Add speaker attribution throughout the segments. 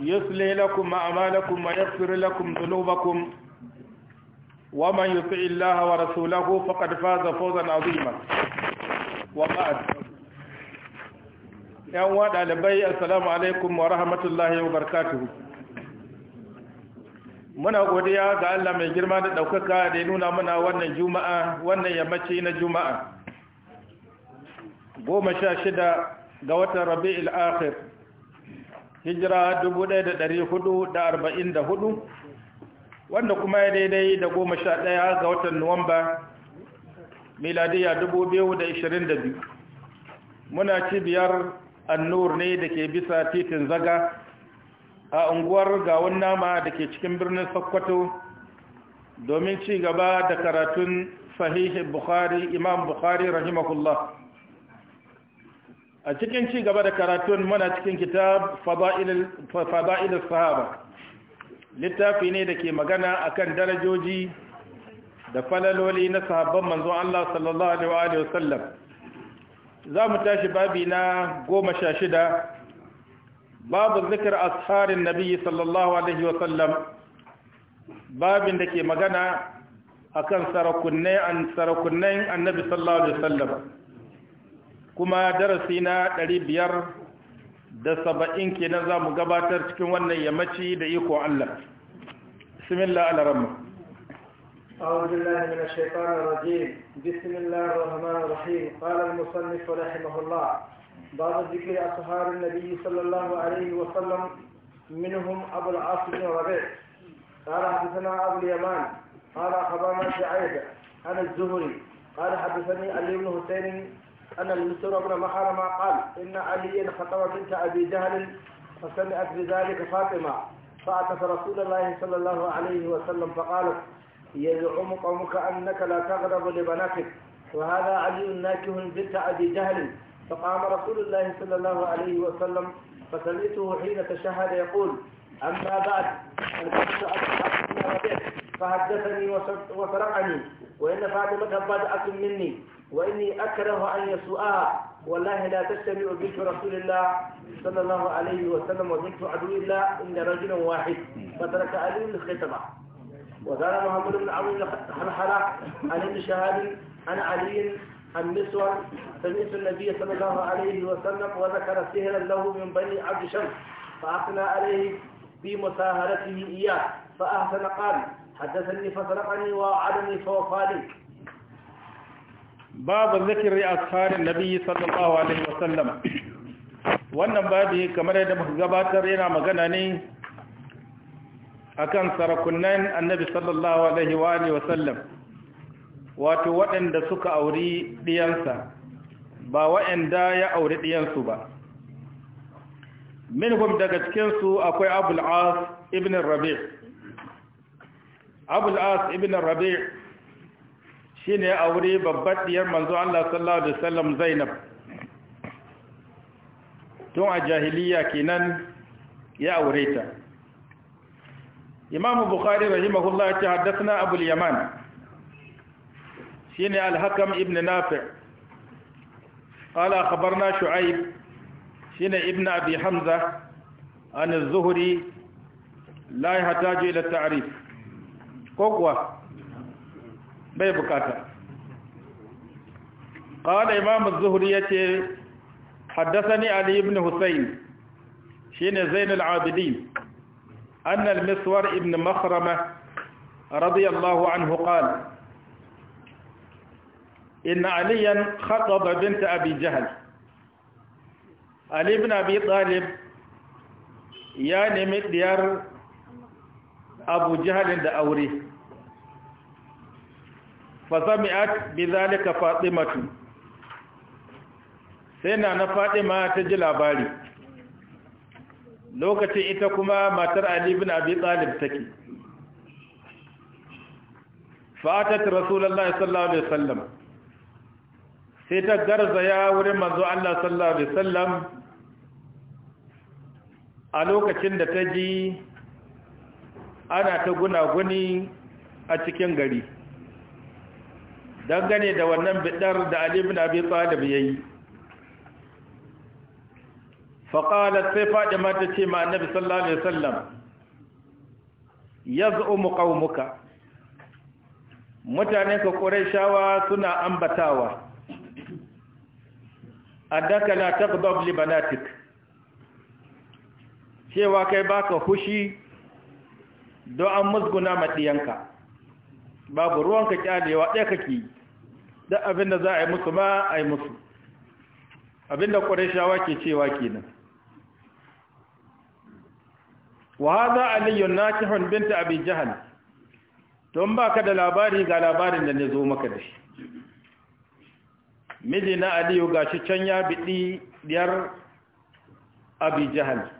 Speaker 1: يسلي لكم أعمالكم ويغفر لكم ذنوبكم ومن يطع الله ورسوله فقد فاز فوزا عظيما وبعد yan wada labai السلام عليكم ورحمة الله وبركاته barakatuhu muna godiya ga Allah mai girma da daukaka da ya nuna mana wannan juma'a wannan yammaci na juma'a 16 ga watan Rabi'ul akhir hijira 1444 wanda kuma ya daidai da 11 ga watan nuwamba miladiya 2022 muna cibiyar annur ne da ke bisa titin zaga a unguwar gawon nama da ke cikin birnin sokoto domin ci gaba da karatun sahihin bukhari imam bukhari rahimahullah a cikin ci gaba da karatun mana cikin kitab fada'ilus sahaba littafi ne da ke magana akan darajoji da falaloli na sahabban manzon Allah sallallahu alaihi wa za mu tashi babi na goma sha shida babu zikir asharin nabi sallallahu alaihi wa sallam babin da ke magana akan sarakunnai an sarakunnai annabi sallallahu alaihi wa sallam kuma darasi na ɗari biyar da saba'in kenan za mu gabatar cikin wannan yammaci da iko Allah bismillah al-rahman
Speaker 2: أعوذ بالله من الشيطان الرجيم بسم الله الرحمن الرحيم قال المصنف رحمه الله بعض ذكر أصحاب النبي صلى الله عليه وسلم منهم أبو العاص بن ربيع قال حدثنا أبو اليمان قال أخبرنا سعيد عن الزهري قال حدثني علي بن حسين أن المسور بن محرم قال إن علي خطب بنت أبي جهل فسمعت بذلك فاطمة فأتت رسول الله صلى الله عليه وسلم فقالت يزعم قومك أنك لا تغضب لبناتك وهذا علي ناكه بنت أبي جهل فقام رسول الله صلى الله عليه وسلم فسمعته حين تشهد يقول أما بعد الكفت فحدثني وسرقني وإن فاطمة بدأت مني وإني أكره أن يسوءها والله لا تجتمع بنت رسول الله صلى الله عليه وسلم وبنت عدو الله إلا رجلا واحد فترك علي الخطبة وقال محمد بن عمرو بن حلحلة عن ابن شهاب عن علي عن مسور سمعت النبي صلى الله عليه وسلم وذكر سهلا له من بني عبد شمس فأثنى عليه بمساهرته إياه فأحسن قال حدثني فسرقني ووعدني فوفى لي
Speaker 1: babu zikirin النبي nabi الله alaihi وسلم wannan babu kamar yadda muka gabatar yana magana ne akan sarakunan annabi sallallahu alaihi wa alihi sallam wato waɗanda suka auri ɗiyansa ba waɗanda ya auri ɗiyansu ba minhum daga cikinsu akwai abul as ibn rabi' abul as ibn rabi' shi ne a wuri babbar ɗiyar manzo Allah sallallahu Alaihi wasallam zainab tun a jahiliya kenan ya aure ta imamu bukhari rahimahullah ya ce haddasa abul yaman shi ne alhakam ibn nafi shu'aib أخبرنا شعيب شين ابن أبي حمزة عن الزهري لا يحتاج إلى التعريف قوة bai bukata qala imam az-zuhri yace haddathani ali ibn husayn shine zain al-abidin anna al-miswar ibn makhrama radiyallahu anhu qala إن عليا خطب بنت أبي جهل علي بن أبي طالب ya nemi diyar abu jihalin da aure fasami'at bi zalika fatimatu sai na na fatima ta ji labari lokacin ita kuma matar ali bin abi talib take fatat rasulullahi sallallahu alaihi wasallam sai ta garzaya wurin manzo Allah sallallahu alaihi wasallam a lokacin da ta ji ana ta gunaguni a cikin gari dangane da wannan bidar da Ali ibn Abi Talib yayi faqalat sai faɗi ta ce ma Annabi sallallahu alaihi wasallam yaz'umu qaumuka mutanen ka Qurayshawa suna ambatawa adaka la taghdab li banatik cewa kai baka hushi don an musguna madiyanka babu ruwanka kyalewa ɗaya kake yi da abinda za a yi musu ba, a yi musu Abinda ƙwarishawa ke cewa kenan wa Aliyu aliyun nakihun binta abi jihar? don baka da labari ga labarin da ne zo maka da shi miji na aliyu gashi can ya biɗi biyar abi jihar.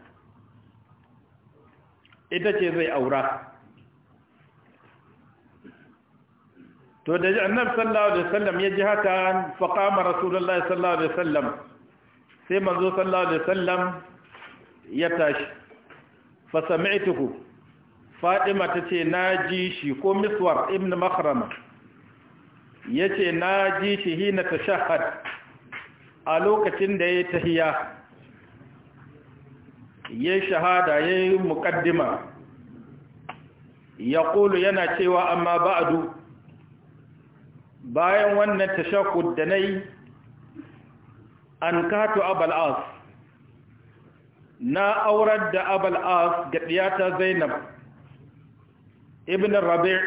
Speaker 1: ita ce zai aura to da ji annabi sallallahu alaihi wasallam ya ji haka fa qama rasulullahi sallallahu alaihi wasallam sai manzo sallallahu alaihi wasallam ya tashi fa sami'tuhu fatima tace naji shi ko miswar ibn makhrama yace naji shi hina tashahhad a lokacin da yayi tahiyya yayi shahada yayi muqaddima yaqulu yana cewa amma ba'du bayan wannan tashakud da nayi an kato abal as na aurar da abal as ga diyata zainab ibn rabi'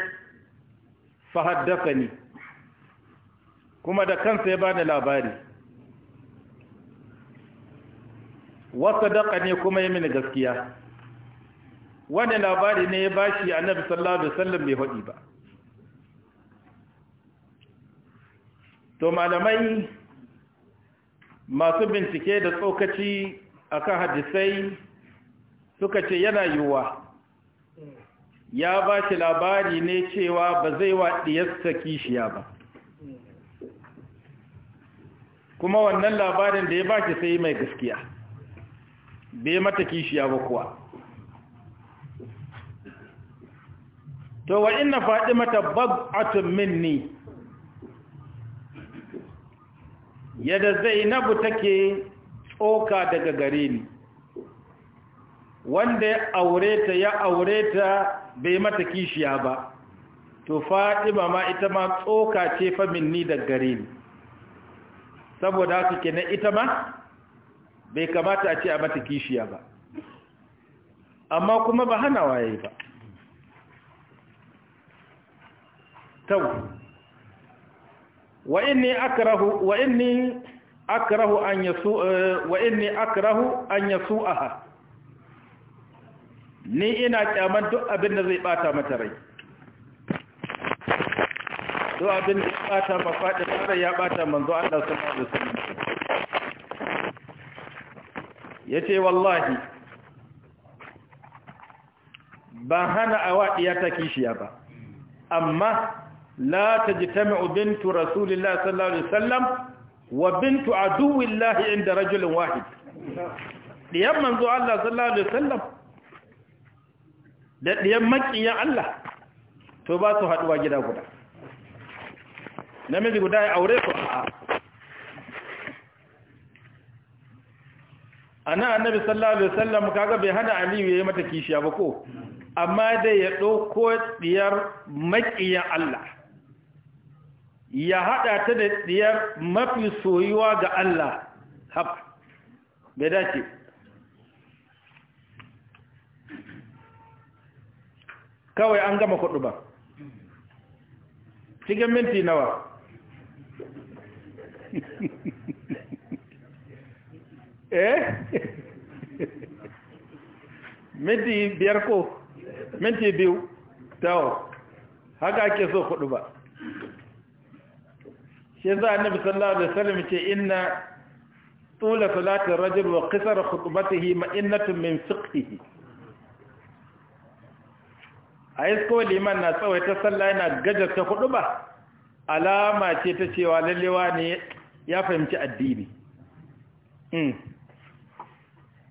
Speaker 1: fa haddathani kuma da kansa ya bani labari wa ne kuma ya mini gaskiya wani labari ne ya bashi annabi sallallahu alaihi wasallam bai hudi ba to malamai masu bincike da tsokaci a kan hadisai suka ce yana yiwuwa ya ba shi labari ne cewa ba zai wa ɗiyarsa kishiya ba kuma wannan labarin da ya ba shi sai mai gaskiya bai mata kishiya ba kuwa to wa faɗi mata bab'atun minni yadda zainabu take tsoka daga gare ni wanda ya aure ya aure ta bai mata kishiya ba to fatima ma ita ma tsoka ce fa minni daga gare ni saboda haka kenan ita ma bai kamata a ce a mata kishiya ba amma kuma ba hana waye ba tau wa inni akrahu wa inni akrahu an yasu eh, wa inni akrahu ni ina kyaman duk abin da zai bata mata rai duk abin da ya bata mafaɗi rai ya bata manzo Allah sallallahu alaihi wasallam yace wallahi ba hana awa ta kishiya ba amma la tajtami'u bintu rasulillahi sallallahu alaihi wasallam wa bintu aduwillahi inda rajulin wahid diyan manzo Allah sallallahu alaihi wasallam da diyan makiyan Allah to ba su haduwa gida guda namiji guda ya aure su a ana annabi sallallahu alaihi wasallam kaga bai hana aliyu yayi mata kishiya ba ko amma dai ya dauko diyar makiyan Allah ya haɗa ta da ɗiya mafi soyuwa ga Allah haf bai dace kawai an gama kudu ba cikin minti nawa
Speaker 2: eh
Speaker 1: minti biyar ko minti biyu tawo haka ake so kudu ba shi a nufi sallallahu alaihi wasallam ce inna tula salatin rajul wa qisar khutbatihi ma'innatun min fiqhihi a isko liman na tsawaita sallah yana gajarta hudu ba alama ce ta cewa lallewa ne ya fahimci addini hmm.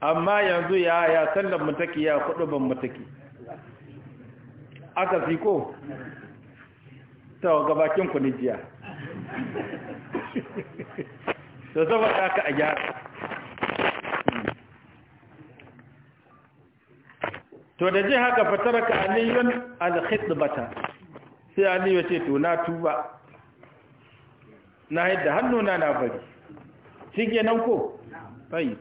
Speaker 1: amma yanzu ya ya sallar mutaki ya hudu ban mutaki aka fi ko ta gabakin kunijiya jiya da saboda ka a gyara
Speaker 2: to da ji haka ka aliyun alkhidbata
Speaker 1: sai aliyu ce to na tuba na yadda hannuna na bari shi kenan ko bai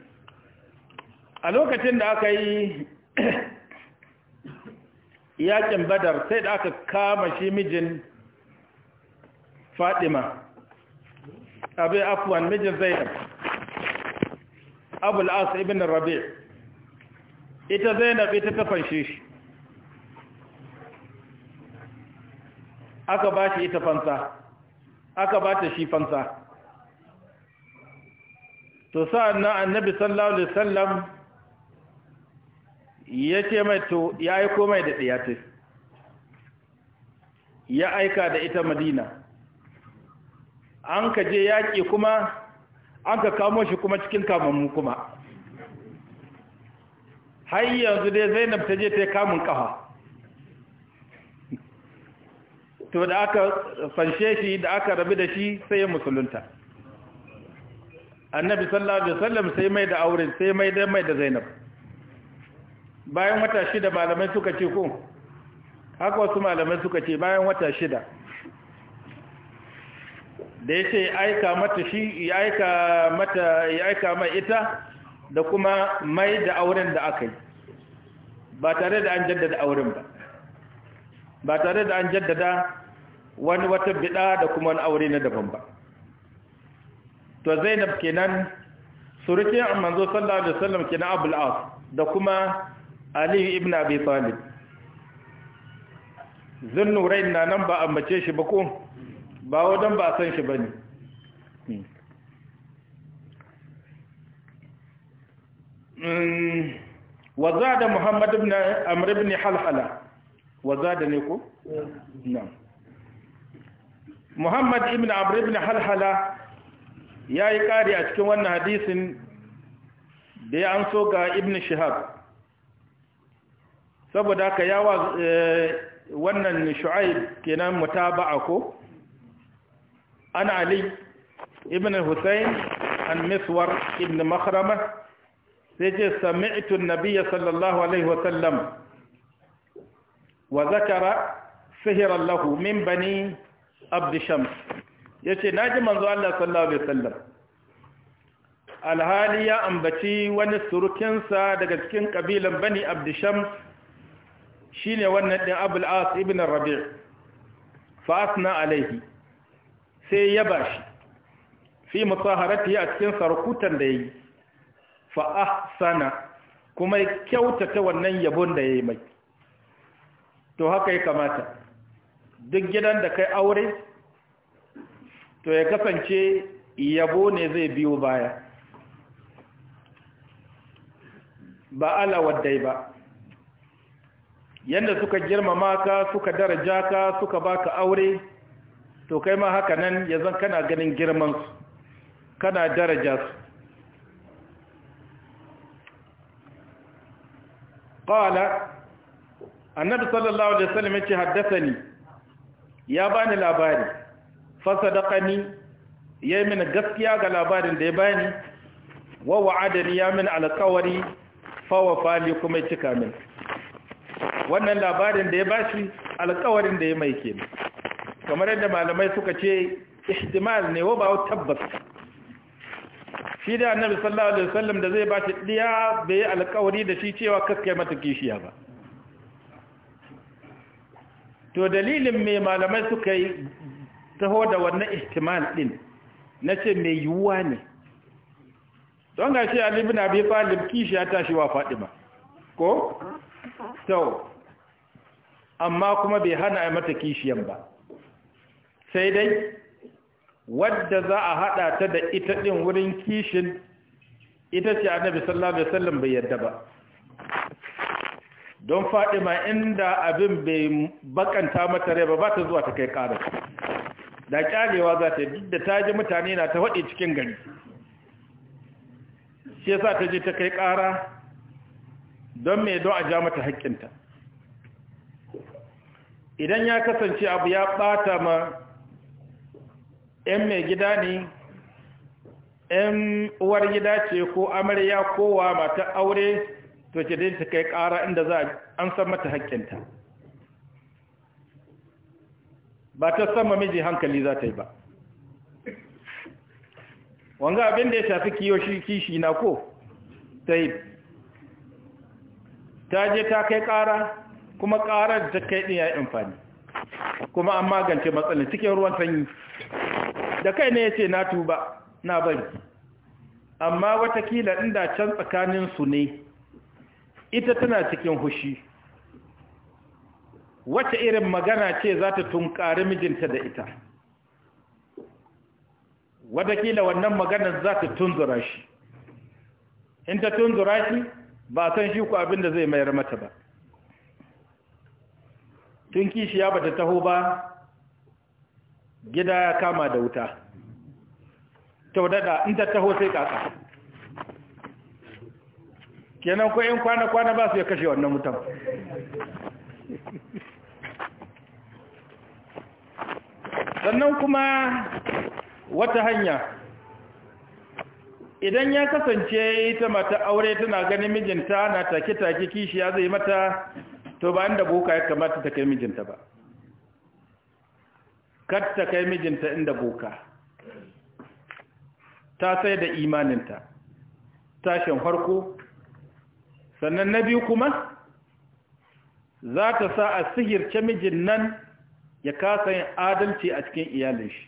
Speaker 1: a lokacin da aka yi yakin badar sai da aka kama shi mijin fadima abin afuwan mijin zainab abu al'as ibn rabi ita zainab ita ta fanshe shi aka ba shi ita fansa aka ba ta shi fansa to sa'an na annabi sallallahu alaihi wasallam ya ce mai to ya aiko mai da ɗiyatis ya aika da ita madina an ka je yaƙi kuma an ka kamo shi kuma cikin kamammu kuma har yanzu dai zainab ta je ta yi kamun ƙafa to da aka fanshe shi da aka rabu da shi sai ya musulunta annabi sallallahu alaihi wasallam sai mai da aure sai mai da mai da zainab bayan wata shida malamai suka ce ko haka wasu malamai suka ce bayan wata shida da ya ce aika mata shi ya aika mata ya aika mai ita da kuma mai da auren da aka yi ba tare da an jaddada auren ba ba tare da an jaddada wani wata bida da kuma wani aure na daban ba to zainab kenan surukin manzo sallallahu alaihi wasallam kenan abul as da kuma ali ibn abi talib zunnurai na nan ba ambace shi ba ko ba wajen ba san shi ba ne hmm. waza da muhammadu na amr ne halhala waza da ne ko? na muhammad ibn amr ibn halhala ya yi ƙari a cikin wannan hadisin da ya an so ga ibn shihab saboda ka yawa eh, wannan shu'aib kenan mutaba'a ko an ali ibn Hussein an miswar ibn makhrama sai ce sami'tu nabiyya sallallahu alaihi wa sallam wa zakara lahu min bani abd shams yace naji manzo Allah sallallahu alaihi wa sallam alhali ya ambaci wani surukinsa daga cikin kabilan bani abd shams shine wannan din abul ibn rabi' fa asna alaihi sai ya shi fi mutsaharati a cikin sarkutan da yayi fa ahsana kuma ya kyautata wannan yabon da yayi mai to haka ya kamata duk gidan da kai aure to ya kasance yabo ne zai biyo baya ba ala ba yadda suka girmama ka suka daraja ka suka baka aure to kai ma haka nan ya zan kana ganin girmansu kana daraja su ƙawala annabi sallallahu alaihi wasallam ya ce haddasa ni ya bani labari da ƙani ya yi mini gaskiya ga labarin da ya bani wa wa'adani ya mini alkawari fawa fali kuma ya cika min wannan labarin da ya bashi alkawarin da ya mai kenan kamar yadda malamai suka ce ihtimal ne wa ba tabbas shi da annabi sallallahu alaihi wasallam da zai ba shi diya bai alƙawari da shi cewa kakkai mata kishiya ba to dalilin me malamai suka yi taho da wannan ihtimal din na ce mai yiwuwa ne don ga shi Ali ibn Abi Talib kishiya ta shi wa Fadima ko to amma kuma bai hana ai mata kishiyan ba sai dai wadda za a haɗa ta da ita din wurin kishin ita ce annabi sallallahu alaihi wasallam bai yadda ba don fadima inda abin bai bakanta mata rai ba ba ta zuwa ta kai ƙara. da kyalewa za ta duk da ta ji mutane na ta haɗe cikin gari shi yasa ta je ta kai ƙara don me don a ja mata haƙƙinta idan ya kasance abu ya ɓata ma ‘yan mai gida ne ‘yan uwar gida ce ko amarya kowa mata aure to ke dai ta kai ƙara inda za a an san mata haƙƙinta ba ta san miji hankali za ta yi ba wanga abin da ya shafi shi kishi na ko ta yi ta je ta kai ƙara kuma ƙarar ta kai ɗin ya yi amfani kuma an magance matsalin cikin ruwan sanyi da kai ne ya ce na tuba na bari amma watakila inda can tsakaninsu ne ita tana cikin hushi wace irin magana ce za ta tunkari mijinta da ita watakila wannan maganar za ta tunzura shi in ta tunzura shi ba san shi ku abin da zai mayar mata ba tun kishiya ba ta taho ba gida ya kama da wuta taudada in ta taho sai kaka kenan ko in kwana-kwana ba su ya kashe wannan mutum sannan kuma wata hanya idan ya kasance ita mata aure tana ganin mijinta na take-take kishiya zai mata to ba inda boka ya kamata ta kai mijinta ba kar ta kai mijinta inda boka ta sai da imaninta tashin farko sannan na biyu kuma za ta sa a sihirce mijin nan ya kasa yin adalci a cikin iyalin shi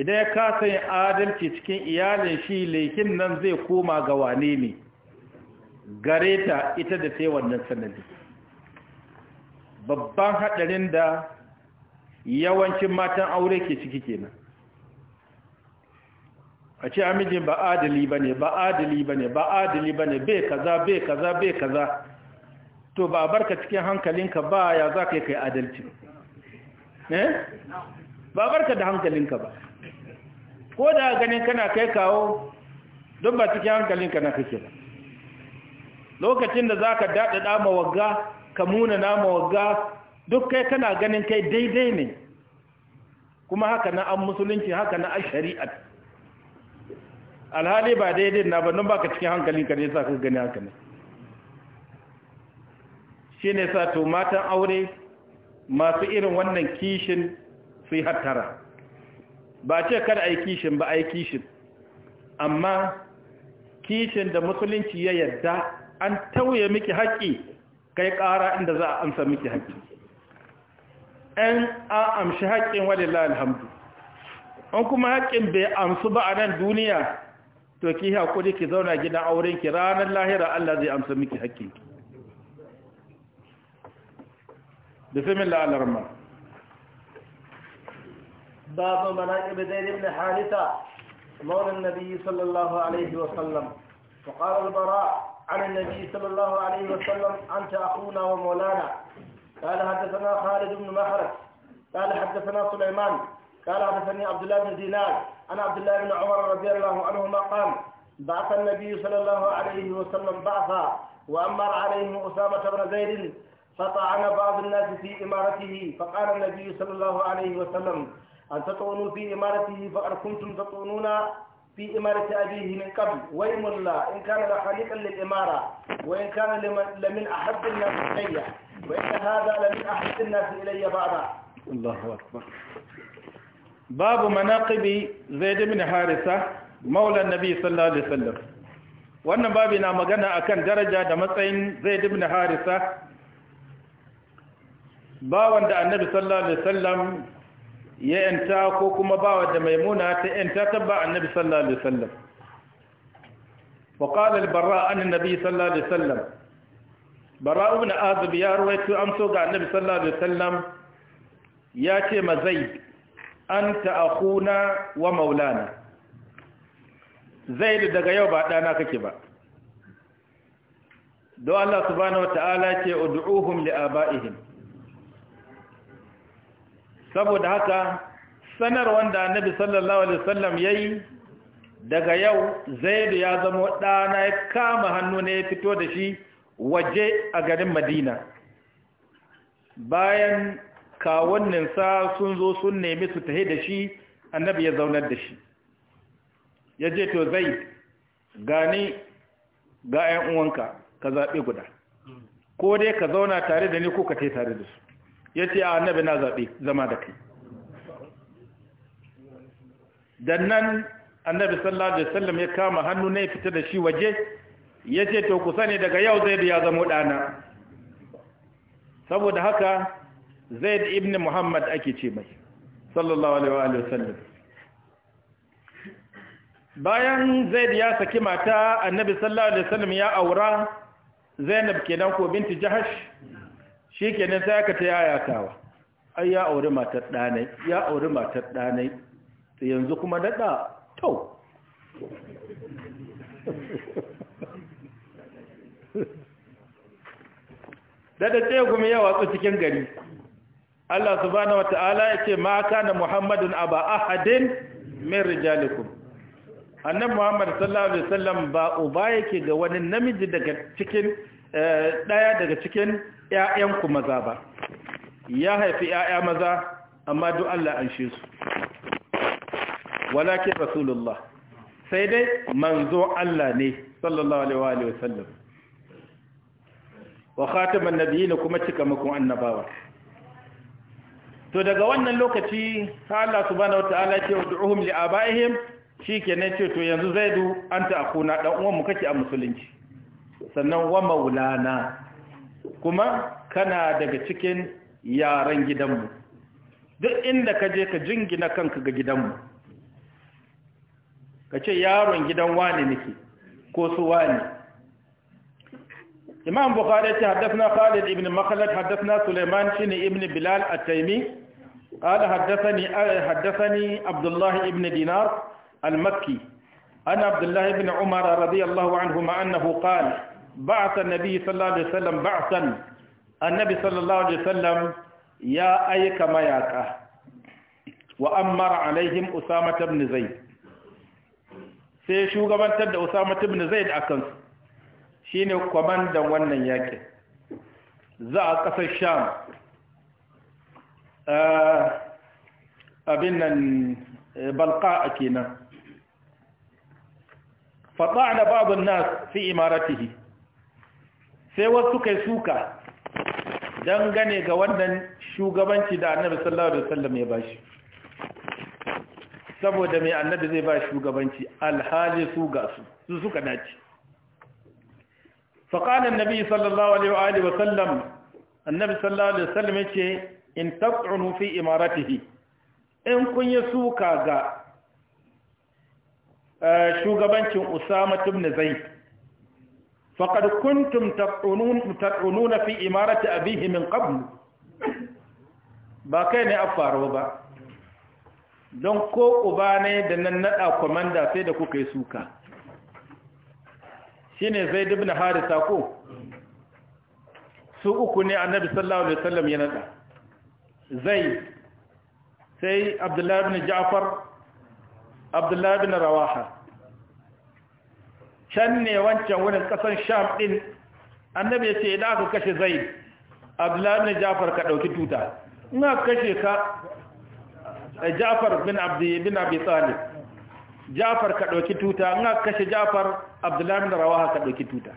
Speaker 1: idan ya kasa yin adalci cikin iyalin shi lekin nan zai koma ga wane ne gare ita da sai wannan sanadi babban haɗarin da yawancin matan aure ke ciki kenan a ce amijin ba adali ba ne ba adali ba ne ba adali ba ne bai kaza bai kaza bai kaza to ba barka cikin hankalinka ba ya za ka yi kai adalci ne eh?
Speaker 2: ba barka da hankalinka
Speaker 1: ba ko da ganin kana kai kawo don ba cikin hankalinka na kake ba lokacin da za ka daɗaɗa mawagga ka muna na mawagga duk kai kana ganin kai daidai ne kuma haka na an musulunci haka na an alhali ba daidai na ba don baka cikin hankali ka ne sa ka gani haka ne shi ne sa to matan aure masu irin wannan kishin su yi hattara ba ce kada a yi kishin ba a yi kishin amma kishin da musulunci ya yadda an tauye miki haƙƙi kai ƙara inda za a amsa miki haƙƙi an amshi haƙƙin walillahi alhamdu an kuma haƙƙin bai amsu ba a nan duniya to ki haƙuri ki zauna gidan auren ki ranar lahira Allah zai amsa miki haƙƙin ki bismillah al-rahman
Speaker 2: babu manaqib zaid ibn haritha alaihi wa sallam الله عليه وسلم وقال البراء عن النبي alaihi wa sallam وسلم أنت أخونا ومولانا قال حدثنا خالد بن محرز قال حدثنا سليمان قال حدثني عبد الله بن دينار عن عبد الله بن عمر رضي الله عنهما قال بعث النبي صلى الله عليه وسلم بعثا وأمر عليه أسامة بن زيد فطعن بعض الناس في إمارته فقال النبي صلى الله عليه وسلم أن تطعنوا في إمارته فأركنتم تطعنون في إمارة أبيه من قبل ويم الله إن كان لخليقا للإمارة وإن كان لمن أحب الناس إلي وإن هذا لمن أحب الناس إلي بعد
Speaker 1: الله أكبر باب مناقب زيد بن حارثة مولى النبي صلى الله عليه وسلم wannan babi na magana akan daraja da matsayin حارثة ibn harisa bawan da annabi sallallahu alaihi wasallam ya yanta ko kuma bawa da maimuna ta yanta ta ba annabi sallallahu alaihi wasallam wa qala al-barra an annabi sallallahu alaihi wasallam barra ibn azib ya ruwaito amso ga annabi sallallahu alaihi wasallam ya ce ma anta akhuna wa maulana zaid daga yau ba dana kake ba do Allah subhanahu wa ta'ala ce ud'uhum li aba'ihim saboda haka sanar wanda annabi sallallahu alaihi wasallam yayi daga yau zaidu ya zama ɗana ya kama hannu ne ya fito da shi waje a garin madina bayan sa sun zo sun nemi su tahi da shi annabi ya zaunar da shi ya je to zai gani ga 'yan uwanka ka zaɓe guda ko dai ka zauna tare da ni ko ka tare da su ya ce a na zaɓe zama da kai da nan annabi sallallahu alaihi wasallam ya kama hannu ne fita da shi waje ya ce to ku sani daga yau da ya zama ɗana saboda haka da ibn muhammad ake ce mai sallallahu alaihi wasallam bayan zaid ya saki mata annabi sallallahu alaihi wasallam ya aura zainab kenan ko binti jahash shi kenan sai aka ta tawa ai ya auri matar ɗanai ya auri matar ɗanai ta yanzu kuma daɗa tau Da ce kuma ya watsu cikin gari Allah subhanahu wata'ala ya ce ma kana muhammadun aba ahadin min rijalikum annan muhammad sallallahu alaihi wasallam ba uba yake ga wani namiji daga cikin Eh, ɗaya daga cikin ‘ya'yanku maza ba ya haifi ‘ya'ya maza amma duk Allah an shi su ke rasulullah sai dai manzo Allah ne sallallahu alaihi wa sallam wa biyu nabiyina kuma cika makon annabawa to daga wannan lokaci ta Allah wata wataala ce wa ud'uhum li abaihim shikenan ce to yanzu an anta akuna dan uwan mu kake a musulunci sannan wa maulana kuma kana daga cikin yaran gidanmu duk inda ka je ka jingina kanka ga gidanmu ka ce yaron gidan wani nake ko su wani imam bukhari ce haddathna khalid ibn makhlad haddathna sulaiman shine ibn bilal at-taymi قال حدثني abdullahi ibn Dinar al-makki ana abdullahi ibn الله بن عمر رضي الله بعث النبي Sallallahu alaihi عليه وسلم بعثا النبي صلى الله عليه وسلم يا أيك ما ياك وأمر عليهم أسامة sai shugabantar da Usama ibn Zaid akan su shine kwamandan wannan yakin za a kasar Sham eh, abin nan eh, balqa kenan fata'na ba'd an-nas fi imaratihi sai wasu kai suka don gane ga wannan shugabanci da annabi sallallahu alaihi wasallam ya bashi saboda mai annabi zai ba shugabanci alhaji su ga su su suka dace faƙan annabi sallallahu alaihi wa wasallam annabi sallallahu alaihi wasallam yace in taq'unu fi imaratihi in kun yi suka ga eh, shugabancin usama ibn zayd faqad kuntum tad'ununa fi imarati abihi min qabl ba kai ne a faru ba don ko uba ne da na naɗa komanda sai da kuka yi suka shine zaid ibn harisa ko su uku ne annabi sallallahu alaihi wasallam ya nada zaid sai abdullahi ibn ja'far abdullahi bin rawaha can ne wancan wurin kasan sham din annabi ya ce idan aka kashe zai abdullahi jafar ka ɗauki tuta ina kashe ka
Speaker 2: eh, jafar bin abdi bin abi
Speaker 1: jafar ka ɗauki tuta ina kashe jafar abdullahi da rawaha ka ɗauki tuta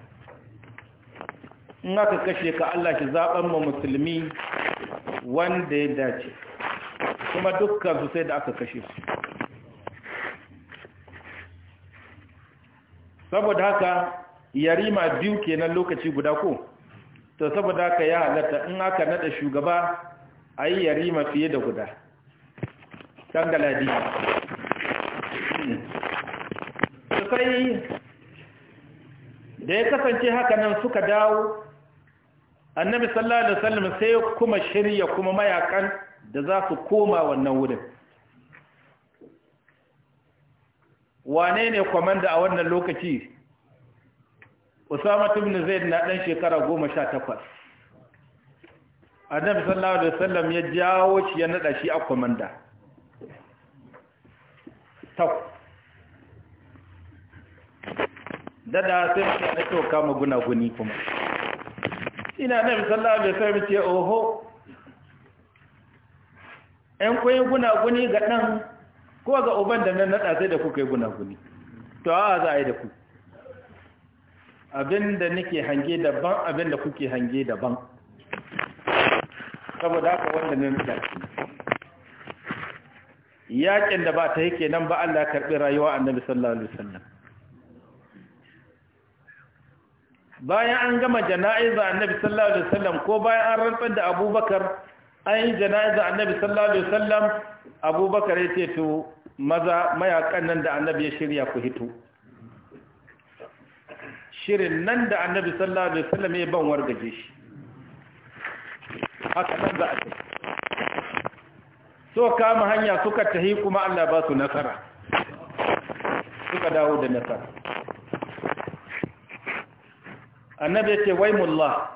Speaker 1: ina ka kashe ka allah shi zaɓen ma musulmi wanda ya dace kuma dukkan su sai da aka kashe su saboda haka yarima biyu kenan lokaci guda ko to saboda haka ya halatta in aka nada shugaba a yi yarima fiye da guda sai da ya kasance haka nan suka dawo annabi sallallahu alaihi wasallam sai kuma shirya kuma mayakan da za su koma wannan wurin wane ne kwamanda a wannan lokaci usama ibn zaid na dan shekara 18 annabi sallallahu alaihi wasallam ya jawo shi ya nada shi a kwamanda tau dada sai mutum na kyau kama gunaguni kuma ina annabi sallallahu alaihi wasallam ce oho ɗan guna gunaguni ga ɗan ko ga uban da nan naɗa sai da kuka yi gunaguni to a za a yi da ku abin da nake hange daban abin da kuke hange daban saboda ka wanda nan da yakin da ba ta yake nan ba Allah ya karɓi rayuwa annabi sallallahu alaihi wasallam bayan an gama jana'iza annabi sallallahu alaihi wasallam ko bayan an rantsar da abubakar an yi jana'iza annabi sallallahu alaihi wasallam abubakar ya ce to maza mayakan nan da annabi ya shirya ku hito shirin nan da annabi sallallahu alaihi wasallam ya ban wargaje shi haka nan za a ce so kama hanya suka tahi kuma Allah ba su nasara suka dawo da nasara annabi ya ce waimullah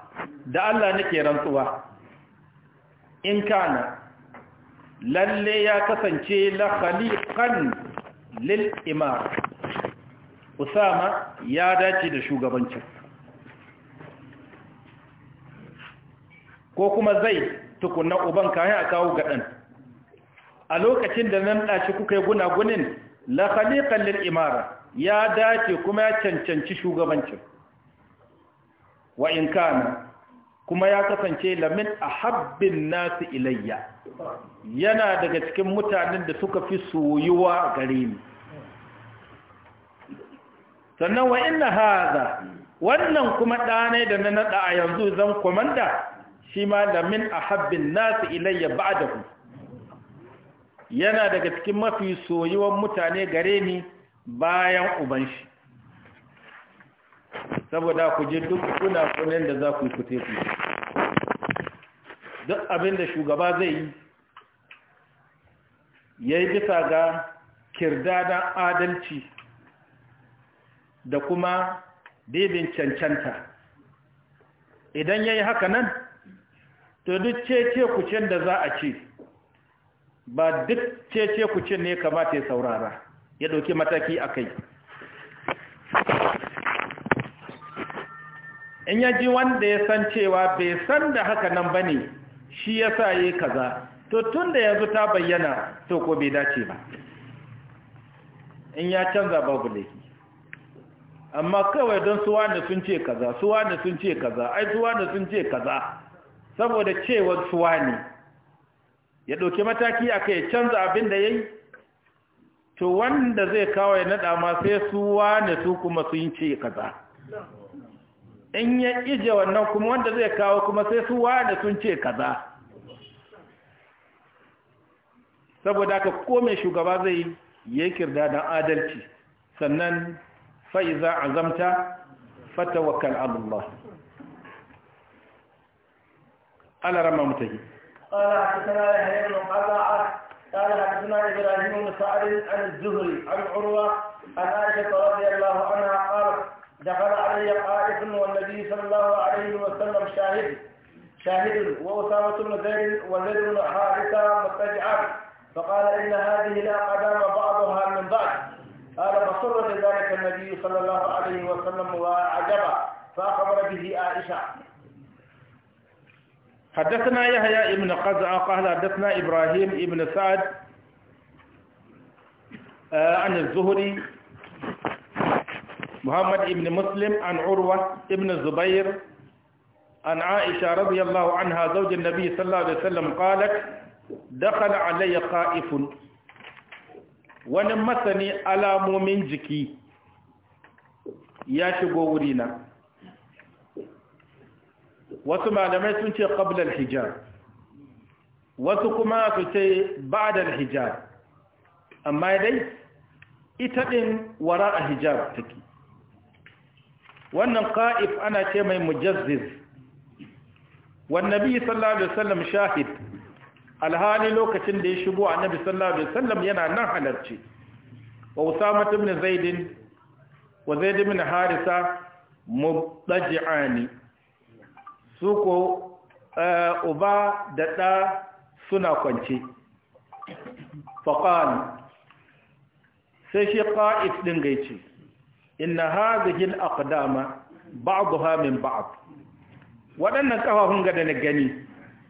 Speaker 1: da Allah nake rantsuwa in kana lalle ya kasance la khaliqan lil imar usama ya dace da shugabancin ko kuma zai tukunna uban kayan a kawo gadan a lokacin da nan ɗaci kuka yi gunagunin la khaliqan lil imara ya dace kuma ya cancanci shugabancin wa in kana kuma ya kasance lamin a habbin nasu ilayya yana daga cikin mutanen da suka fi soyuwa gare ni sannan wa inna haza wannan kuma ɗane da na naɗa a yanzu zan kwamanda shi ma lamin a habbin nasu ilayya ba da ku yana daga cikin mafi soyuwan mutane gare ni bayan ubanshi. saboda ku je duk kuna kunan da za ku yi kute ku duk abin da shugaba zai yi ya yi bisa ga kirdadan adalci da kuma bibin cancanta idan ya yi haka nan to duk cece kucin da za a ce ba duk cece kucin ne kamata ya saurara ya ɗauki mataki a kai in ya ji wanda ya san cewa bai san da haka nan ba ne shi ya sa yi kaza to tun da yanzu ta bayyana to ko bai dace ba in ya canza babu laifi amma kawai don suwa da sun ce kaza suwa da sun ce kaza ai suwa da sun ce kaza saboda cewar suwa ne ya ɗauki mataki a kai canza abin da ya yi to wanda zai kawai naɗa ma sai suwa da su kuma sun ce kaza in ya ije wannan kuma wanda zai kawo kuma sai su wada sun ce kaza saboda ka kome shugaba zai yi kirda don adalci sannan fa'iza azamta fatawakkal Allah ala rama mutahi
Speaker 2: قال حدثنا يحيى a قزعة قال حدثنا إبراهيم بن سعد عن الزهري عن عروة عن عائشة رضي الله عنها قالت دخل علي قائف والنبي صلى الله عليه وسلم شاهد شاهد وأسامة بن زيد وزيد بن حارثة متجعان فقال إن هذه لا الأقدام بعضها من بعض قال فسر بذلك النبي صلى الله عليه وسلم وعجبه فأخبر به عائشة
Speaker 1: حدثنا يحيى بن قزعة قال حدثنا إبراهيم بن سعد آه، عن الزهري محمد بن مسلم عن عروة بن الزبير عن عائشة رضي الله عنها زوج النبي صلى الله عليه وسلم قالت دخل علي خائف ونمسني على مؤمن جكي يا شغورينا وسمع لما يسنشي قبل الحجاب وسكما تشي بعد الحجاب amma dai ita ɗin wara a hijab take wannan qa'if ana ce mai mujazziz wan nabi sallallahu alaihi wasallam shahid alhali lokacin da ya shigo annabi sallallahu alaihi wasallam yana nan halarci wa usama ibn zaid wa zaid ibn harisa mubtaji'ani ko eh, uba da ɗa suna kwance faƙan sai shi qa'id ɗin gaice inna hadhihi al-aqdama ba'daha min ba'd waɗannan kafafun ga da na gani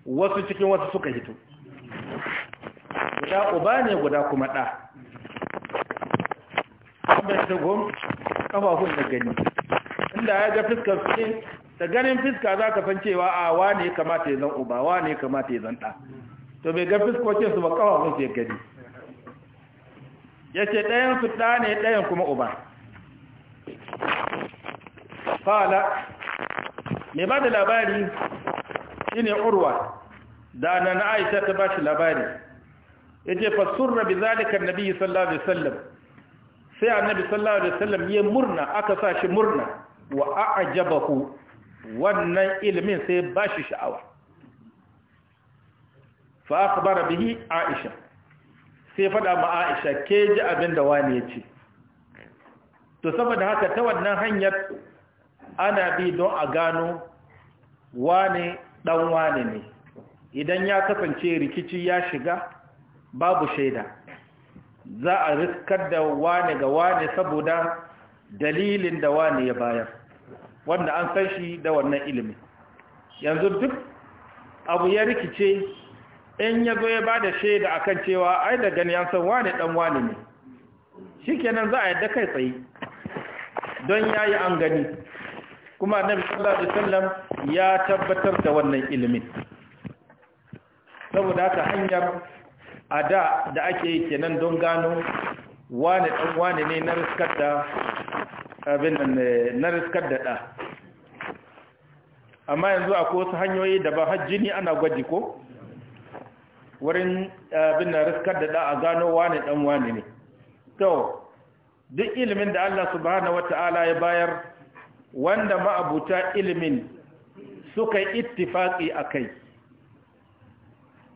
Speaker 1: wasu cikin wasu suka hito guda uba ne guda kuma ɗa abin da gom kafafun da gani inda ya ga fiskar su ne da ganin fiska za ka san cewa a wane kamata ya zan uba wane kamata ya zan ɗa to bai ga fiskokin su ba kafafun su gani ya ce ɗayan su ɗa ne ɗayan kuma uba fala mai ba da labari ne urwa da na aisha ta ba shi labari ya ce fasurra bi na nabi sallallahu alaihi wasallam sai annabi sallallahu alaihi wasallam ya murna aka sa shi murna wa a'jabahu wannan ilimin sai ba shi sha'awa fa akhbara bihi aisha sai faɗa ma aisha ke ji abin da wani ya ce to saboda haka ta wannan hanyar ana bi don a gano wane dan wane ne idan ya kasance rikici ya shiga babu shaida za a riskar da wane ga wane saboda dalilin da wane ya bayar wanda an san shi da wannan ilimi yanzu duk abu ya rikice in ya zo ya ba da shaida akan cewa ai da gani an san wane dan wane ne kenan za a yadda kai tsaye don ya yi an gani kuma annabi sallallahu alaihi wasallam ya tabbatar da wannan ilimin saboda haka hanyar a da da ake yi kenan don gano wane dan wane ne na riskar da abin nan eh, na riskar da da amma yanzu akwai wasu hanyoyi da ba hajji ne ana gwaji ko wurin eh, abin na riskar da da a gano wane dan wane ne to duk ilimin da Allah subhanahu wata'ala ya bayar wanda ma'abuta ilimin suka yi ittifaƙi a kai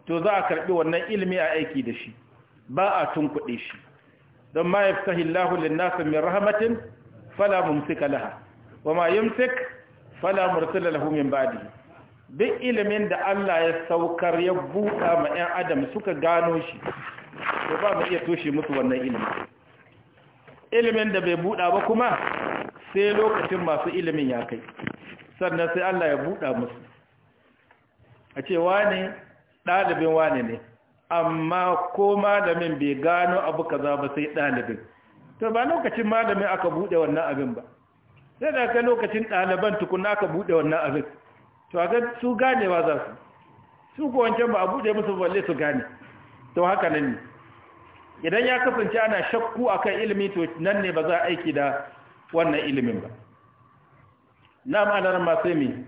Speaker 1: to za a karɓi wannan ilimi a aiki da shi ba a tunkuɗe shi don ma ya fi sahillahu linnasa min rahamatin fala mumsika laha wa ma yumsik fala mursila lahu min ba'di duk ilimin da Allah ya saukar ya buɗa ma 'yan adam suka gano shi to ba mu iya toshe musu wannan ilimin ilimin da bai buɗa ba kuma sai lokacin masu ilimin ya kai sannan sai Allah ya buɗa musu a ce wane ɗalibin wane ne amma ko malamin bai gano abu kaza ba sai ɗalibin to ba lokacin malamin aka buɗe wannan abin ba sai da ka lokacin ɗaliban na aka buɗe wannan abin to a ga su ganewa za su su ko wancan ba a buɗe musu balle su gane to haka nan ne idan ya kasance ana shakku a kan ilimi to nan ne ba za a aiki da wannan ilimin ba na ma'anar masu yi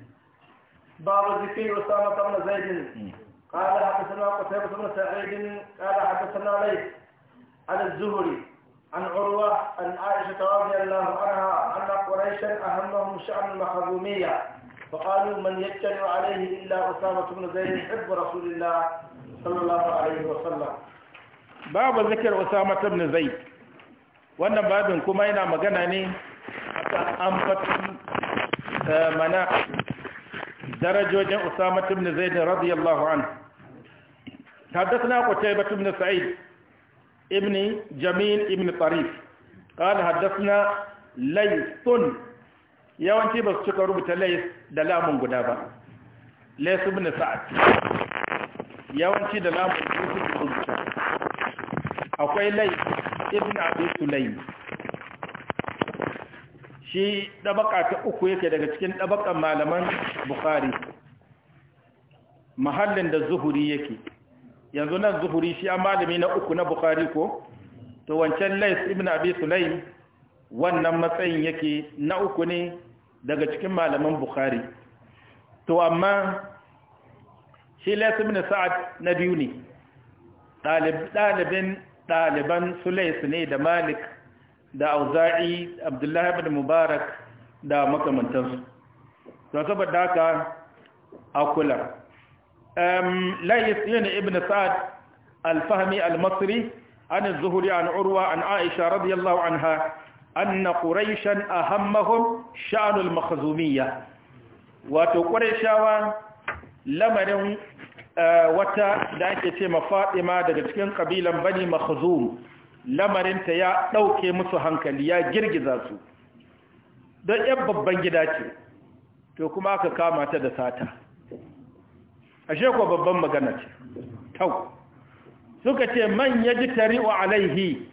Speaker 2: babu zikiri usama tamna zaidin قال حدثنا قتيبة بن سعيد قال حدثنا an عن an عروة عن عائشة رضي الله عنها أن قريشا أهمهم شأن المخزومية فقالوا من يجتمع عليه إلا أسامة بن زيد حب رسول الله صلى الله عليه وسلم
Speaker 1: babu zikir usama ibn zaid wannan babin kuma yana magana ne akan ambaton eh, mana darajojin usama ibn zaid radiyallahu anhu حدثنا قتيبة بن سعيد ابن جميل ابن طريف قال حدثنا ليث yawanci ba cika rubuta lais da lamun guda ba lais ibn sa'ad yawanci da lamun akwai lai ibn abu sulaim shi dabaka ta uku yake daga cikin dabakan malaman bukhari mahallin da zuhuri yake yanzu nan zuhuri shi an malami na uku na bukhari ko to wancan lais ibn abi sulaim wannan matsayin yake na uku ne daga cikin malaman bukhari to amma shi lais ibn sa'ad na biyu ne ɗalibin ɗaliban sulais ne da malik da auza'i abdullahi ibn mubarak da makamantansu don saboda haka a kula lais yana ibn sa'ad al-fahmi al-masri an az an urwa an aisha radiyallahu anha anna a ahammahum sha'nul makhzumiyya wato ƙuraishawa lamarin Eh, wata da ake ce ma mafaɗima daga cikin ƙabilan bani makhzum lamarinta ya ɗauke musu hankali ya girgiza su don ‘yan babban gida ce to kuma aka kama ta da sata ashe kuwa babban magana ce tau suka ce man ya ji tari'u alaihi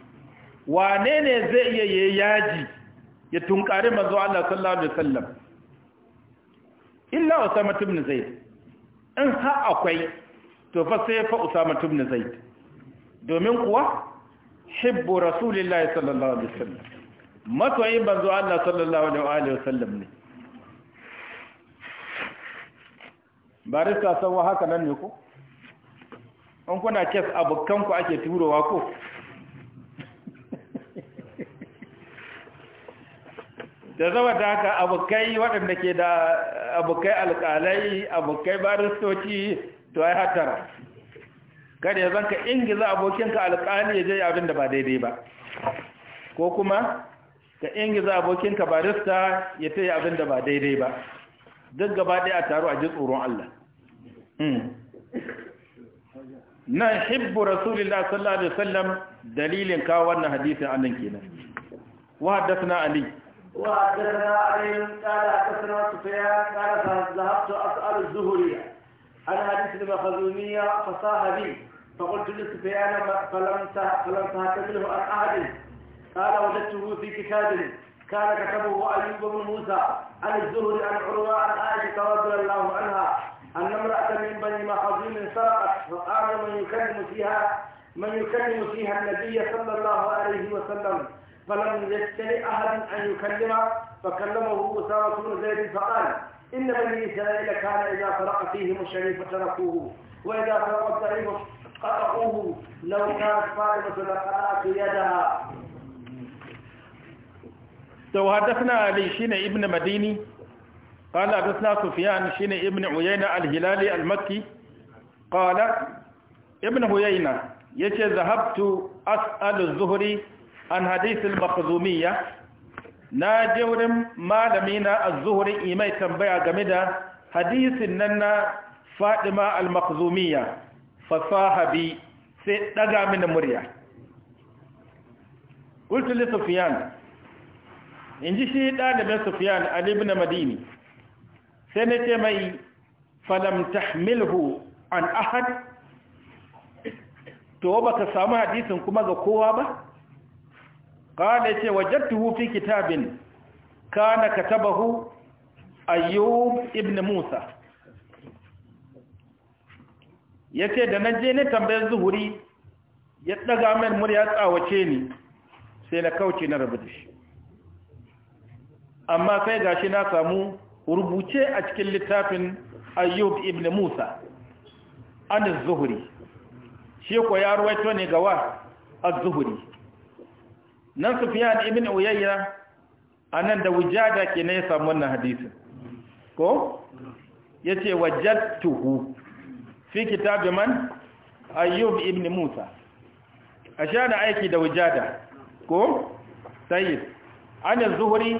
Speaker 1: wane ne zai iya yi yaji ya tunkari mazu Allah sallallahu Alaihi wasallam illa wasu mutum zai in ha akwai to fa sai fa usama ibn zaid domin kuwa hibbu rasulillahi sallallahu alaihi wasallam matoyin banzo Allah sallallahu alaihi wasallam ne barista wa haka nan ne ko an kuna kes ku ake turowa ko da zama ta haka abokai waɗanda ke da abokai alƙalai abokai baristoci to ai hatara kada ya zanka ingiza abokinka alƙali ya je abin da ba daidai ba ko kuma ka ingiza abokinka barista ya ta yi abin da ba daidai ba duk gaba ɗaya a taru a ji tsoron Allah hmm. na hibbu rasulillah sallallahu alaihi wasallam dalilin kawo wannan hadisin annan kenan wa haddathna ali
Speaker 2: وحدثنا علي قال حدثنا سفيان قال ذهبت اسال الزهري عن حديث المخزومية فصاح بي فقلت لسفيان فلم فلم تهتمله عن احد قال وجدته في كتاب كان كتبه ايوب بن موسى عن الزهري عن عروه عن عائشه رضي الله عنها ان امراه من بني مخزوم سرقت فقال من يكلم فيها من يكلم فيها النبي صلى الله عليه وسلم فلم يستطع أحد أن يكلم فكلمه أسامة بن زيد فقال إن بني إسرائيل كان إذا فرق فيهم الشريف تركوه وإذا فرق الضعيف قطعوه لو كانت فاطمة لقطعت يدها
Speaker 1: تو حدثنا علي شين ابن مديني قال حدثنا سفيان شين ابن عيينة الهلالي المكي قال ابن عيينة يتي ذهبت أسأل الزهري an hadisul makhzumiyya na je wurin malamina na az imai tambaya game da hadisin nan na Fadima al-makhzumiyya fasahabi sai daga mini murya qultu li sufyan inji shi dalibin sufyan ali ibn madini sai nace mai falam tahmilhu an ahad to baka samu hadisin kuma ga kowa ba قال يتي وجدته في كتاب كان كتبه ayyub ibn musa yace da na je ne tambayar zuhuri ya daga min murya tsawace ni sai na kauce na rabu da shi amma sai gashi na samu rubuce a cikin littafin ayyub ibn musa an zuhuri shi ko ya ruwaito ne gawa az-zuhuri nan Sufyan ibn Uyayya anan da wujada ke ne ya samu wannan hadisin ko yace wajadtuhu fi kitabi man Ayyub ibn Musa ashana aiki da wujada ko tayyib an az-Zuhri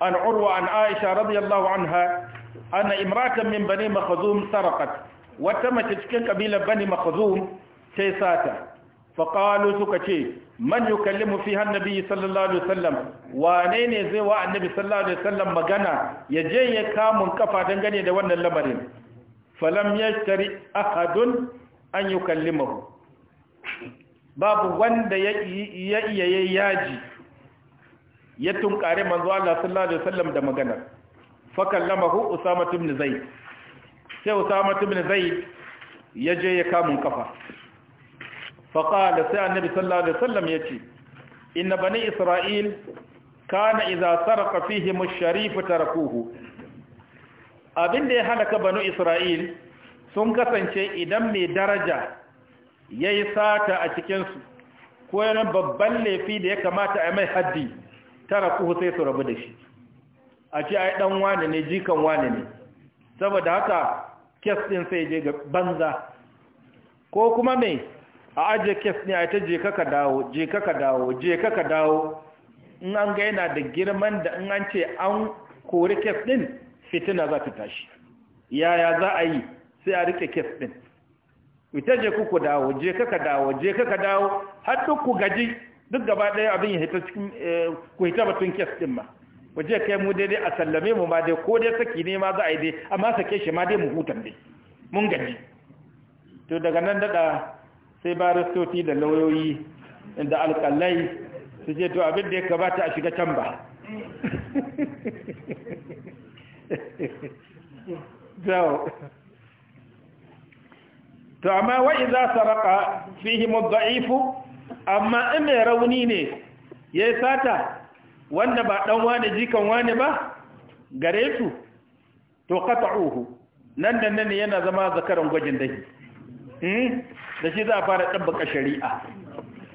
Speaker 1: an Urwa an Aisha radiyallahu anha anna imratan min bani Makhzum sarqat wata mace cikin kabilar bani Makhzum sai sata faƙalo suka ce man mu fi hannabi sallallahu alaihi wasallam wane ne zai wa annabi sallallahu alaihi wasallam magana ya je ya kamun kafa gane da wannan lamarin falam yashtari ahadun an yi yukallimahu babu wanda ya iya ya yaji ya tunkare manzo Allah sallallahu alaihi wasallam da magana lamahu, usama ibn zaid sai usama ibn zaid ya je ya kamun kafa faƙala sai annabi sallallahu alaihi wasallam ya ce inna bani isra'il kana iza sarqa fihi musharif tarakuhu abin ya halaka banu isra'il sun kasance idan mai daraja yayi sata a cikin su ko yana babban laifi da ya kamata a mai haddi tarakuhu sai su rabu da shi a ce ai dan wane ne jikan wane ne saboda haka kes din sai je ga banza ko kuma me a aje kes ne a ta je ka dawo je ka dawo je ka dawo in an ga yana da girman da in an ce an kori kes din fitina za ta tashi yaya za a yi sai a rike kes din ita je ku dawo je ka dawo je ka dawo har duk ku gaji duk gaba ɗaya abin ya hita cikin eh, ku hita batun kes din ma ku je kai mu daidai a sallame mu ma dai ko dai saki ne ma za a yi dai amma sake shi ma dai mu hutan dai mun gaji to daga nan daɗa sai ba baristoci da lauyoyi da alƙalai su ce to abin da ya kabata a shiga can ba to amma wa'i za su raƙa fihi mabba'ifu amma in mai rauni ne ya yi sata wanda ba ɗan wani jikan wani ba gare su to ƙata'uhu nan da nan yana zama zakaran gwajin dahi Hmm? da shi za a fara ɗabbaka shari'a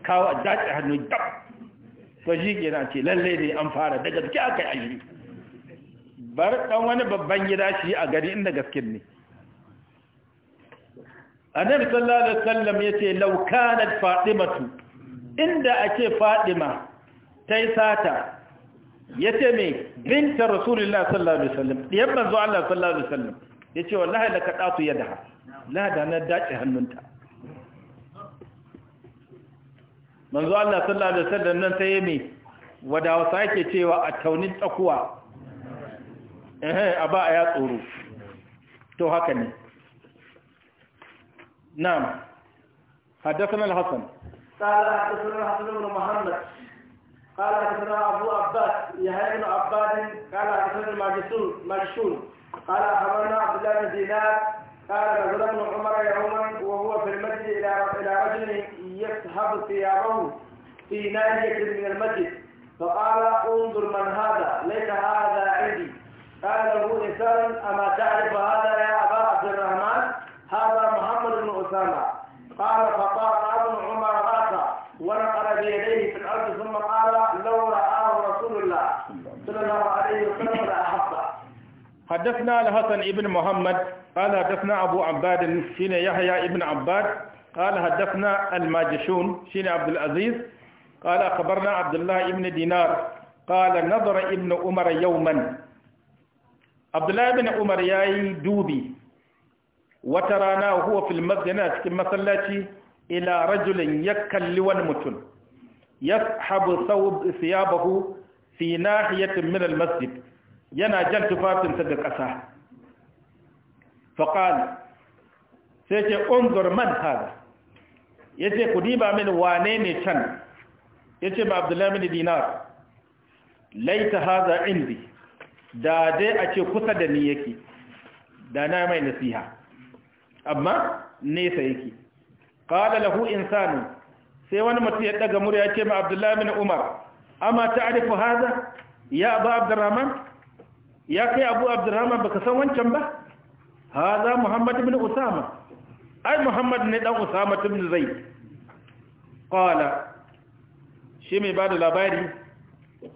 Speaker 1: kawo a dace hannu dab to shi ke ce lalle ne an fara daga gaske aka yi bar ɗan wani babban gida shi a gari inda gaske ne nan sallallahu ya ce yace law kanat fatimatu inda ake ta yi sata ya ce mai binta rasulullah sallallahu sallam wasallam manzo Allah sallallahu sallam ya ce wallahi laka datu yadaha na da na dace hannunta manzo Allah sallallahu alaihi wasallam nan sai me wada wasa yake cewa a taunin tsakuwa eh eh aba a ya tsoro to haka ne na'am حدثنا الحسن
Speaker 2: قال حدثنا حسن بن محمد قال حدثنا ابو عباس يحيى بن عباد قال حدثنا الماجشون قال اخبرنا عبد الله بن دينار قال نزل ابن عمر يوما وهو في المسجد إلى رجل يسحب ثيابه في ناحية من المسجد فقال انظر من هذا ليس هذا عندي قال له إنسان أما تعرف هذا يا أبا عبد الرحمن هذا محمد بن أسامة قال فقال ابن عمر راسه ونقر بيديه في الأرض ثم قال لو رآه رسول الله صلى الله عليه وسلم
Speaker 1: حدثنا الحسن ابن محمد قال حدثنا أبو عباد شين يحيى ابن عباد قال حدثنا الماجشون شين عبد العزيز قال أخبرنا عبد الله ابن دينار قال نظر ابن عمر يوما عبد الله ابن عمر ياي دوبي وترانا وهو في المسجد في مسلاتي إلى رجل يكل ونمتن يسحب ثوب ثيابه في ناحية من المسجد yana jan tufafinsa da ƙasa faƙal sai ce unzur man ya ce ku diba mini wane ne can ya ce ba abdullahi dinar laita haza indi da dai a ce kusa da ni yake da na mai nasiha amma nesa yake ƙada lahu insanu sai wani mutum ya ɗaga murya ce ma abdullahi umar amma ta arifu haza ya ba abdurrahman ya kai abu abdurrahman baka san wancan ba Ha za muhammad ibn usama ai muhammad ne dan usama ibn zaid qala shi mai bada labari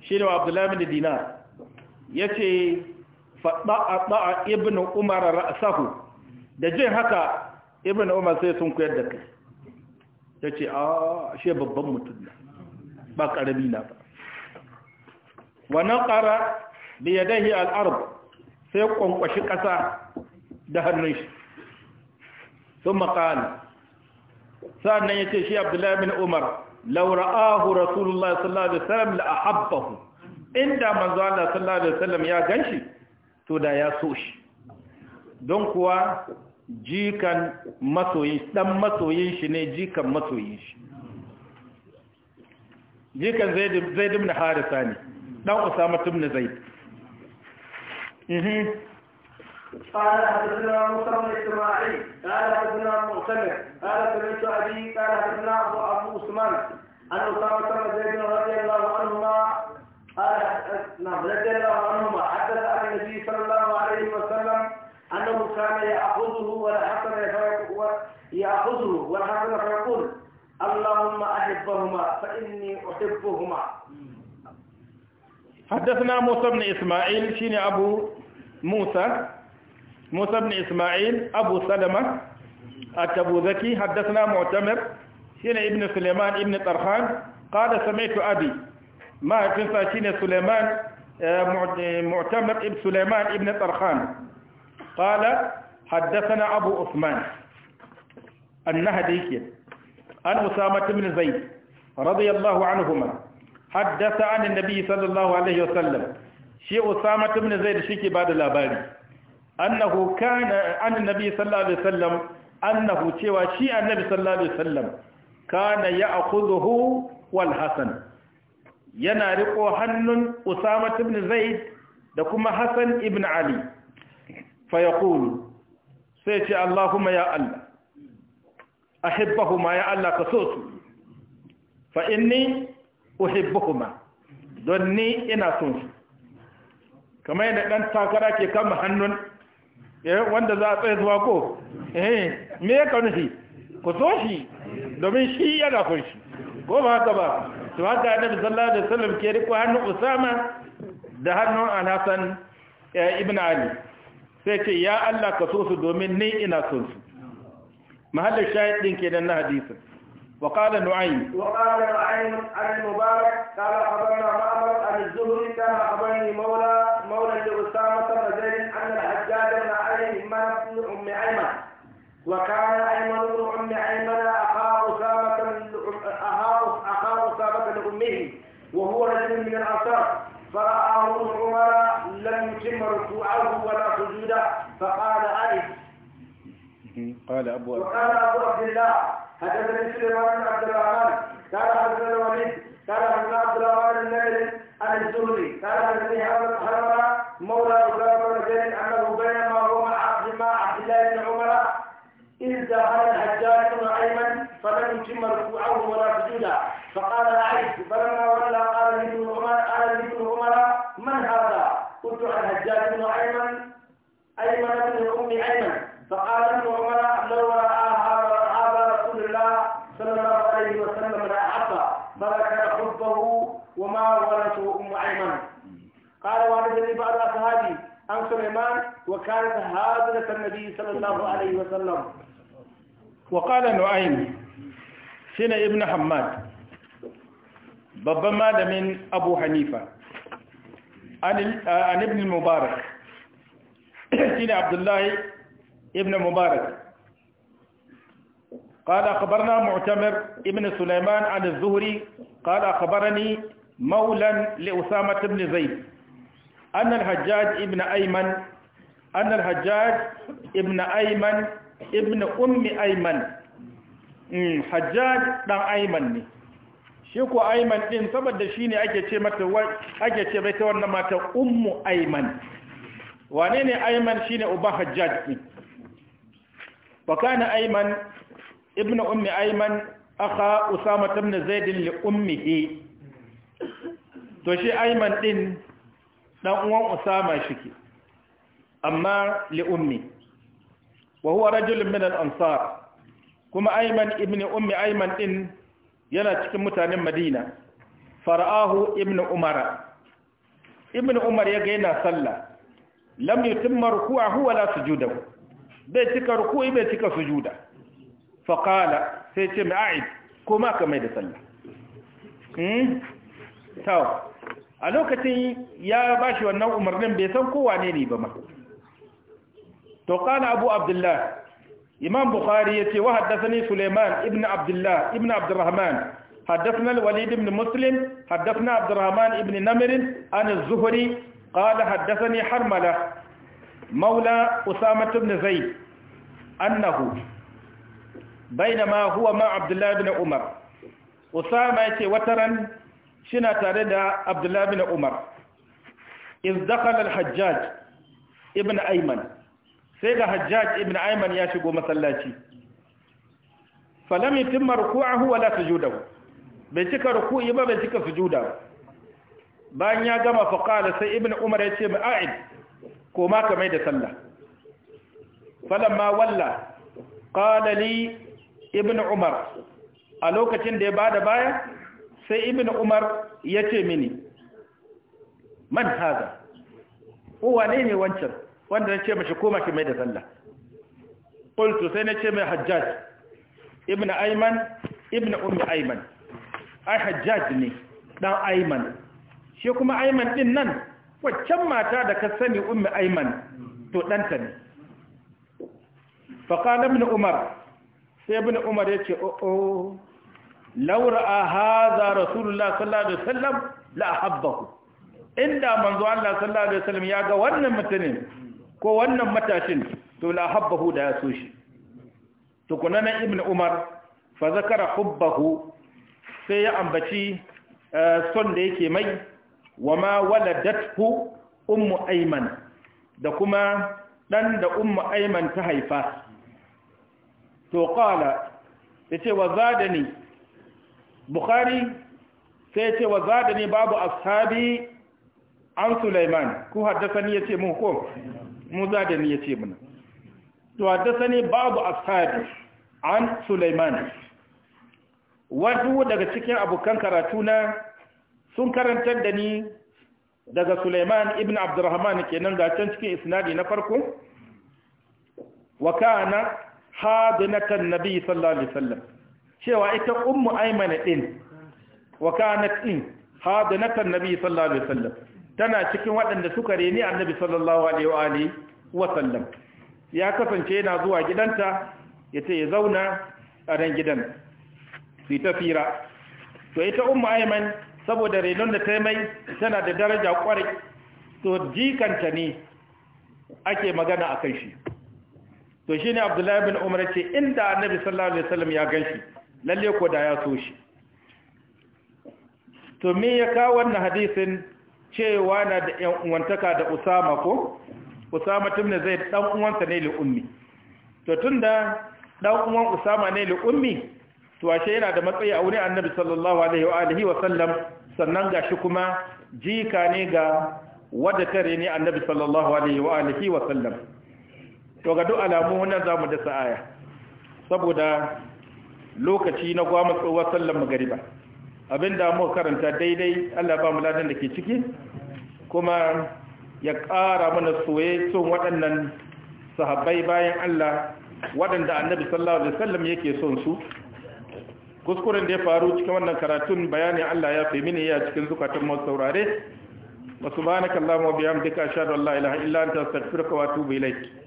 Speaker 1: shi ne abdullahi bin dinar yace fa da'a ibn umar ra'sahu da jin haka ibn umar sai sun koyar da kai yace a ah, shi babban mutum ba karami na ba wa naqara da ya dahi al'arab sai kwankwashi ƙasa da hannun shi sun maƙali sa'annan ya ce shi abdullahi bin umar laura'ahu rasulullah sallallahu alaihi wasallam ahabbahu inda manzo Allah sallallahu alaihi wasallam ya ganshi to da ya so shi don kuwa jikan masoyin dan masoyin shi ne jikan masoyin shi jikan zaid zaid ibn harisa ne dan usama ibn zaid قال حدثنا
Speaker 2: موسى بن اسماعيل قال حدثنا مؤتمر قال سمعت ابي قال حدثنا ابو ابو عثمان عن اسامه بن زيد رضي الله عنهما قال نعم رضي الله عنهما حدث عن النبي صلى الله عليه وسلم انه كان ياخذه والحسن ياخذه والحسن فيقول اللهم احبهما فاني احبهما
Speaker 1: حدثنا موسى بن اسماعيل شين ابو موسى موسى بن إسماعيل أبو سلمة أبو ذكي حدثنا معتمر هنا ابن سليمان ابن طرحان قال سمعت أبي ما تنسى شين سليمان آه، معتمر ابن سليمان ابن طرحان قال حدثنا أبو عثمان النهدي عن أسامة بن زيد رضي الله عنهما حدث عن النبي صلى الله عليه وسلم shi da shi ke ba da labari annahu kana annabi sallallahu alaihi wasallam annahu cewa shi annabi sallallahu alaihi wasallam kana ya'khudhuhu wal Hasan yana riko hannun Usama ibn Zaid da kuma Hasan ibn Ali fa yaqulu sai ce Allahumma ya Allah ahibbahuma ya Allah ka so su fa inni uhibbuhuma don ni ina son su kamar yadda ɗan takara ke kama hannun eh, wanda za a tsaye zuwa ko eh me ya kanu shi ku so shi domin shi yana kunshi shi ko ba haka ba to haka annabi sallar da wasallam ke riko hannun Usama da hannun alhassan eh, ibn Ali sai ce ya Allah ka so su domin ni ina son su mahallar shahid din kenan na hadisin وقال نعيم
Speaker 2: وقال نعيم عن المبارك قال حضرنا معمر عن الزهري كان حضرني مولى مولى لأسامة بن زيد أن الحجاج بن علي بن أم أيمن وكان أيمن بن أم أيمن أخا أسامة أخا أسامة لأمه وهو رجل من الأنصار فرآه عمر لم يتم ركوعه ولا سجوده فقال أي قال أبو وقال أبو عبد الله حدثني سليمان بن عبد الرحمن قال حدثني الوليد قال عن عبد الله بن النبي عن الزهري قال عن ابي حرمه مولى غلام بن زيد انه بينما هو مع عبد الله بن عمر إذ دخل الحجاج بن أيمن فلم يتم ركوعه ولا سجوده فقال العيس فلما ولى قال لي ابن عمر قال لي ابن عمر من هذا؟ قلت عن الحجاج بن أيمن أيمن بن أم أيمن فقال ابن عمر لو رأى قال وحدثني بعض أصحابي عن سليمان وكانت هاجرة النبي صلى الله عليه وسلم
Speaker 1: وقال نعيم سنة ابن حماد من أبو حنيفة عن ابن المبارك سنة عبد الله ابن مبارك قال أخبرنا معتمر ابن سليمان عن الزهري قال أخبرني مولا لأسامة بن زيد أن الحجاج ابن أيمن أن الحجاج ابن أيمن ابن أم أيمن حجاج دان أيمن ني أيمن دين سبب ده شيني أكي تشي مات واي أكي تشي بيت وانا مات أم أيمن وانيني أيمن شيني أبا حجاج وكان أيمن ابن أم أيمن أخا أسامة بن زيد لأمه تو أيمن دين dan uwan usama shike amma li ummi wa huwa rajulun min al-ansar kuma ayman ibn ummi ayman din yana cikin mutanen madina fara'ahu ibn umara ibn umar ya ga yana sallah lam yutimma ruku'ahu wala sujudahu bai cika ruku'i bai cika sujuda fa qala sai ce mai ko ma ka mai da sallah hmm a lokacin ya ba shi wannan umarnin bai san kowa ne ne ba ma to kana abu abdullah imam bukhari ya ce wa haddasani suleiman ibn abdullah ibn abdurrahman haddasana walid ibn muslim haddasana abdurrahman ibn namir an zuhri qala haddasani harmala maula usama ibn zaid annahu bainama huwa ma abdullah ibn umar usama ya ce wataran shina tare da abdullahi bin umar iz dakhala al ibn ayman sai da hajjaj ibn ayman ya shigo masallaci falam yutimma ruku'ahu wala sujudahu bai cika ruku'i ba bai cika sujuda bayan ya gama fa qala sai ibn umar ya ce ma'id ko ma ka mai da sallah falamma walla qala ibn umar a lokacin da ya bada baya sai ibn umar ya ce mini man haza kowa ne ne wancan wanda na ce mashi koma ki mai da sallah ƙultu sai na ce mai hajjaj ibn aiman ibn ummi aiman ai hajjaj ne ɗan aiman shi kuma aiman ɗin nan waccan mata da ka sani ummi aiman to ɗanta ne faƙalar ibn umar sai ibn umar ya ce o'o oh, oh. laura a haza rasulullah sallallahu alaihi wasallam la habbahu inda manzo Allah sallallahu alaihi wasallam ya ga wannan mutumin ko wannan matashin to la habbahu da ya so shi tukuna na ibnu umar fa zakara hubbahu sai ya ambaci eh, son da yake mai wa ma waladathu ummu ayman da kuma dan da ummu ayman ta haifa to qala yace wa zadani bukhari sai ce wa zada ne babu ashabi an sulaiman ku haddasa ni ce mun ko mu zada ni ce mun to haddasa ne babu ashabi an sulaiman wasu daga cikin abokan karatu na sun karantar da ni daga Sulaiman ibn Abdurrahman kenan ga can cikin isnadi na farko wa kana hadinatan nabi sallallahu alaihi wasallam cewa ita ummu aimana din wa kanat in hadanatan nabi sallallahu alaihi wasallam tana cikin waɗanda suka reni annabi sallallahu alaihi wa sallam ya kasance yana zuwa gidanta yace ya zauna a ran gidan su ta fira to ita ummu aiman saboda renon da ta mai tana da daraja kwarai to jikanta ne ake magana a kan shi to shi ne abdullahi bin umar ce inda annabi sallallahu alaihi wasallam ya ganshi lalle ko da ya so shi to me ya kawo wannan hadisin cewa na da yan uwantaka da Usama ko Usama tun da zai dan uwansa ne li ummi to tunda dan uwan Usama ne li ummi to ashe yana da matsayi a wurin Annabi sallallahu alaihi wa alihi wa sallam sannan gashi kuma jika ne ga wadda tare ne Annabi sallallahu alaihi wa alihi wa sallam to ga duk alamu wannan zamu da sa'aya saboda lokaci na gwamma tsawon sallar magariba abin da muka karanta daidai Allah ba mu ladan da ke ciki kuma ya kara mana soye son waɗannan sahabbai bayan Allah waɗanda annabi sallallahu alaihi wasallam yake son su kuskuren da ya faru cikin wannan karatun bayanin Allah ya fi mini ya cikin zukatun masu saurare masu ba na bihamdika ashhadu an la ilaha illa anta astaghfiruka wa atubu ilaik